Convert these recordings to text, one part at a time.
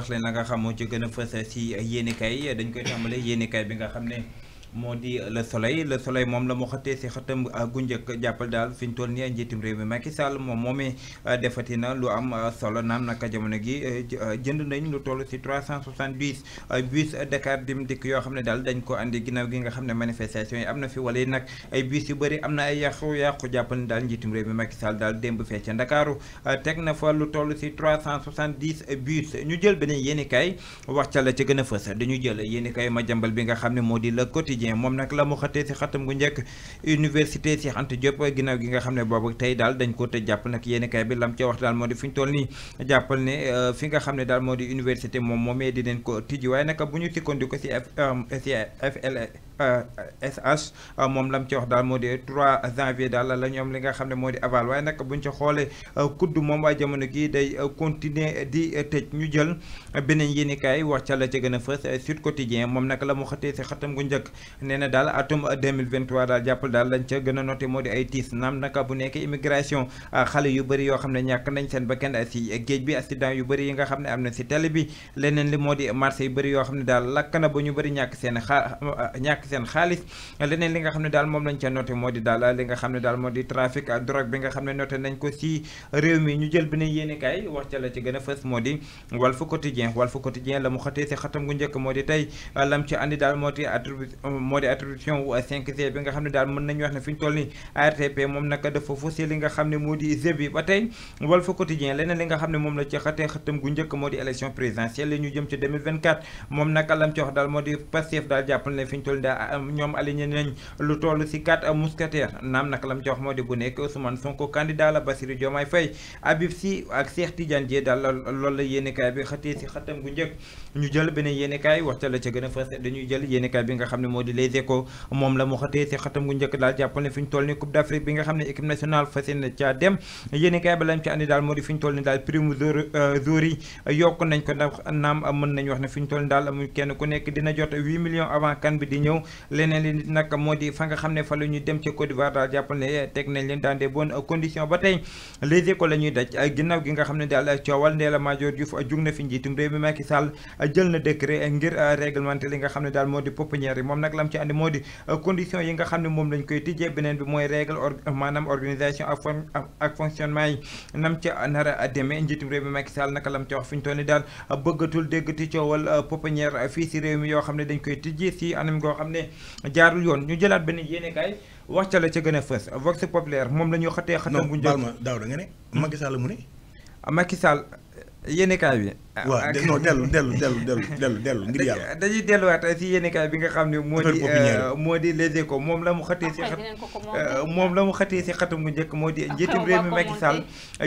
wax leen la nga xamoo ci gën a fës si yéenekaay dañ koy tàmbale yéenekaay bi nga xam ne moo di le soleil le soleil moom la mu xëttee si xëttam ah, gu njëkk jàppal daal fi njiitum réew mi Macky Sall moom moomee ah, defati na lu am ah, solo naam naka jamono gi eh, jënd nañ lu toll si 370 bus Dakar Dem Dikk yoo xam ne daal dañ ko andi ginnaaw gi ne manifestation yi am na fi wala yi nag ay bus yu bëri am na ay yàqu-yàqu jàppal ni daal njiitum réew mi ñu jël beneen yéenekaay wax ca la ca gën a fës dañu jël yéenekaay ma bi nga xam ne moo di le quotidien quotidien moom nag la mu xatee si xatam gu njëkk université Cheikh Anta Diop ginnaaw gi nga xam ne boobu tey daal dañ ko te jàpp nag yéeni kay bi lam ca wax daal moo di fi ñu toll nii jàppal ne euh, fi nga xam ne daal moo di université moom moomee di leen ko tijji waaye nag bu ñu sikkondi ko si f SH euh, euh, moom lam ci wax daal moo di 3 janvier daal la ñoom li nga xam ne moo di aval waaye nag buñ ci xoolee euh, kudd moom waa jamono gi day continuer di tëj ñu jël beneen yéenikaay wax ca la ca gën a fës Sud Quotidien moom nag la mu xëtee si xatam gu njëkk nee na daal atum 2023 daal jàppal daal lañ ca gën a noté moo di ay tiis naam naka bu nekk immigration xale yu bëri yoo xam ne ñàkk nañ seen bakkan si géej bi accident yu bëri yi nga xam yoo xam ne daal lakk seen xaalis leneen li nga xam ne daal moom lañ ca noté moo di daal li nga xam ne daal moo di trafic drogue bi nga xam ne noté nañ ko si réew mi ñu jël bi ne yéenekaay wax ca la ci gën a fës moo di Walf Quotidien Walf la mu xatee si xatam gu njëkk moo di tey présidentielle ñu jëm ci moom naka lam ci wax daal moo di Pastef daal jàpp na fi toll ni ñoom aligné nañ lu toll si quatre mousquetaires naam nag lam ci wax moo di bu nekk Ousmane Sonko candidat la Bassirou Diomaye Faye Habib Sy ak Cheikh Tidiane Dièye daal loolu la yéenekaay bi xëtee si xatam gu njëkk a daal jàppal ne ñu toll ni Coupe d'Afrique bi nga xam ne équipe nationale fas yéene dem yéenekaay ba lañ ci andi daal moo di fi ñu toll ni daal prime jour yi euh, yokk nañ ko ndax naam mën nañ wax ne fi ñu toll ni daal amuñ kenn ku nekk dina noonu leneen li nag moo di fa nga xam ne fa la ñu dem ci Côte d'Ivoire daal jàppal ne teg nañ leen daan de bonne condition ba tey les écoles la ñuy a ginnaaw gi nga xam ne daal coowal Ndella Madior Diouf jug na li nga xam ne daal moo di pouponnière yi moom nag lam ci andi condition yi nga xam ne moom lañ koy tijjee beneen bi mooy règle maanaam organisation ak fonctionnement yi nam ca nara a demee njiitum réew mi Macky Sall naka lam ci wax fi ñu toll ni daal bëggatul déggati coowal pouponnière fii si réew mi yoo xam ne dañ koy tijjee si anam goo xam xam ne jaarul yoon ñu jëlaat benn yéenekaay wax ca la ca gën a fës vox populaire moom la ñu xatee xatam bu njëkk non daaw da nga ne Macky Sall mu ne Macky Sall yéenekaay bi Ah, waaw non dellu dellu dellu dellu dellu dellu ngir yàlla dañuy delluwaat si yéenekaay bi nga xam ne moo di euh, moo di Les Échos moom la mu xatee si xat euh, moom la mu xatee si xatum bu njëkk moo di njiitum réew mi Macky Sall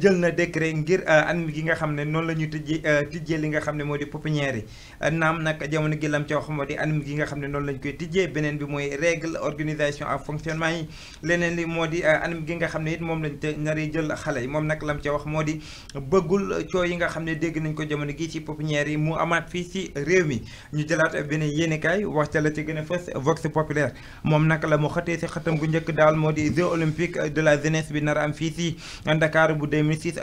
jël na décret ngir euh, an gi nga xam ne noonu la ñuy tijjee tijjee li nga xam ne moo di pépinière yi naam nag jamono gi lam ca wax moo di an gi nga xam ne noonu lañ koy tijjee beneen bi mooy règle organisation ak fonctionnement yi leneen li moo di anam gi nga xam ne it moom lañ te nari jël xale yi moom nag lam ca wax moo di bëggul coow yi nga xam ne dégg nañ ko jamono jamono gi ci pépinière mu amaat fii ci réew mi ñu jëlaat beneen yéenekaay wax ca la ci gën a populaire moom nag la mu xëtee si xëtam gu njëkk daal moo di jeux olympique de la jeunesse bi nar a am fii si Dakar bu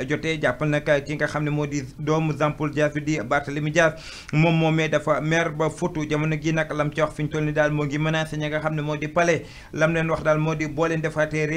jotee jàppal nag ki nga xam ne moo di doomu Jean-Paul Dias bi di Barthélemy Dias moom moomee dafa maire ba futu jamono gi nag lam ci wax fi ñu ni daal moo ngi menacé ñi nga xam ne moo di palais lam leen wax daal moo di boo defaatee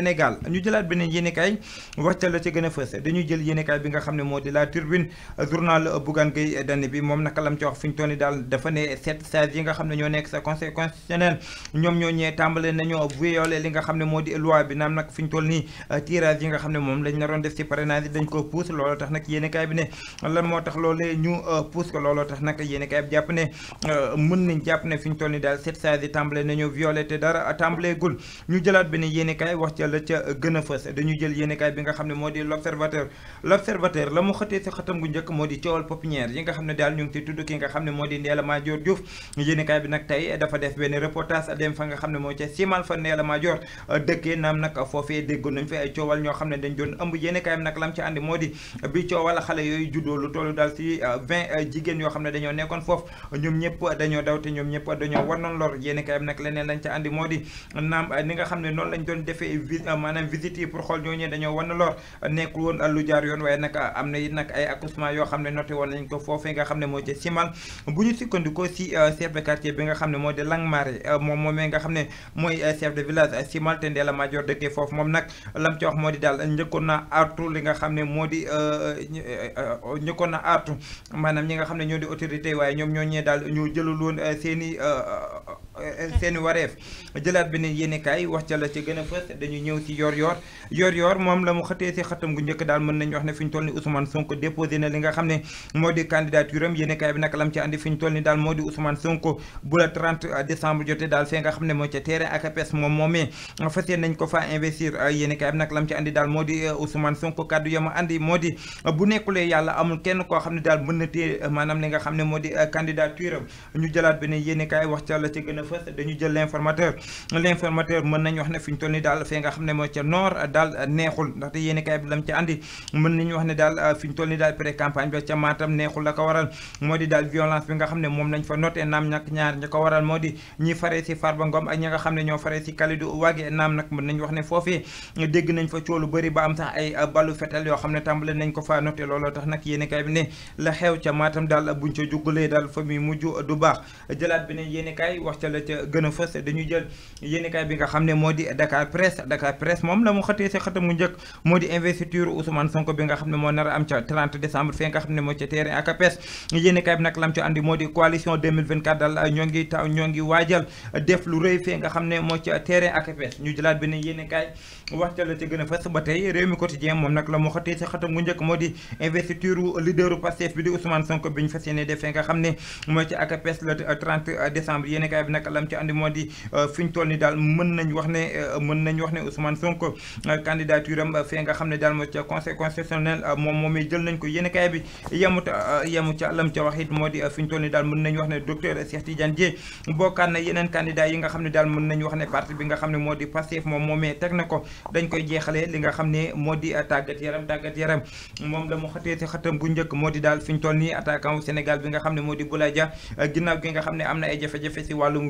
Sénégal ñu jëlaat beneen yéenekaay waxtaan la ci gën a fës dañuy jël yéenekaay bi nga xam ne moo di la Tribune journal Bougane Gueye Dany bi moom naka lam ci wax fi ñu toll nii daal dafa ne sept sages yi nga xam ne ñoo nekk sa conseil constitutionnel ñoom ñoo ñee tàmbale nañoo violé li nga xam ne moo di loi bi naam nag fi ñu toll nii tirage yi nga xam ne moom lañ naroon def ci parrainage dañ ko pousse looloo tax nag yéenekaay bi ne lan moo tax loolee ñu euh, pousse ko looloo tax nag yéenekaay bi jàpp ne euh, mën nañ jàpp ne fi ñu toll nii daal sept sages yi tàmbale nañoo violé te dara tàmbaleegul ñu jëlaat beneen yéenekaay wax ci la ca gën a fës dañuy jël yéenekaay bi nga xam ne moo di l'observateur l'observateur la mu xëtee si xëtam gu njëkk moo di coowal pépinière yi nga xam ne daal ñu ngi ci tudd ki nga xam ne moo di Ndella Madior Diouf yéenekaay bi nag lañ ca àndi moo di naam ni nga xam ne noonu lañ doon defee visite maanaam visite yi pour xool ñooñu dañoo wan lor nekkul woon lu jaar yoon waaye nag am na it nag ay accouchement yoo xam ne noté woon nañ ko foofee nga xam ne moo ca simal bu ñu sukkandikoo si euh, chef de bi nga xam ne moo di Langmaré euh, moom moomee nga xam ne mooy euh, chef de village simal te Ndella Madior dëkkee foofu moom nag lam ci moo di daal njëkkoon na artu li nga xam ne moo di njëkkoon na artu maanaam ñi nga xam ne ñoo di autorité waaye ñoom ñoo ñee daal ñu jëlul woon seeni Eh, eh, seeni wareef jëlaat beneen yéenekaay wax ca la ca gën a fës dañu ñëw ci yor yor yor moom la mu xëtee si xatam gu njëkk daal mën nañu wax ne na li nga xam ne moo di candidature am yéenekaay bi nag lam ci andi fi ñu moo di Ousmane Sonko bu eh, di Ousmane Sonko kàddu yama andi moo di bu nekkulee yàlla amul kenn koo xam ne daal mën na téye maanaam li nga xam ne moo di candidature am ñu jëlaat beneen yéenekaay wax ca la ca gën a fës dañu jël l'informateur l'informateur mën nañu wax ne fi ñu toll ni daal fee nga xam ne mooy ca nord daal neexul ndaxte yéeni kaay bi ne la fa noté naam ñàkk xam ne ñoo faree si Kalidou Wague naam wax ne foofee dégg nañ ba am sax ay xam ne tàmbale nañ ko faa noté looloo tax nag yéeni kaay bi ne la xew ca Matam daal buñ ca jugalee daal fa muy mujj du baax jëlaat beneen yéeni kaay wax ca la la ca gën a fës jël yéenekaay bi nga xam ne moo di Dakar Presse Dakar Presse moom la mu xëtee si xëtam mu njëkk moo di investiture Ousmane Sonko bi di coalition 2024 bi ñu fas yéene def fee nga xam ne moo ca ak APS le 30 décembre bi nag nag lam ci andi moo di euh, fi ñu toll ni daal mën nañ wax ne euh, mën nañ wax ne Ousmane Sonko euh, candidature am fee nga xam ne daal moo di tàggat yaram tàggat yaram moom la mu xatee ci xatam bu njëkk moo di daal fi toll ni attaquant Sénégal bi nga xam ne moo di Boulaye Dia ginnaaw gi nga xam ne am na ay jafe-jafe si wàllum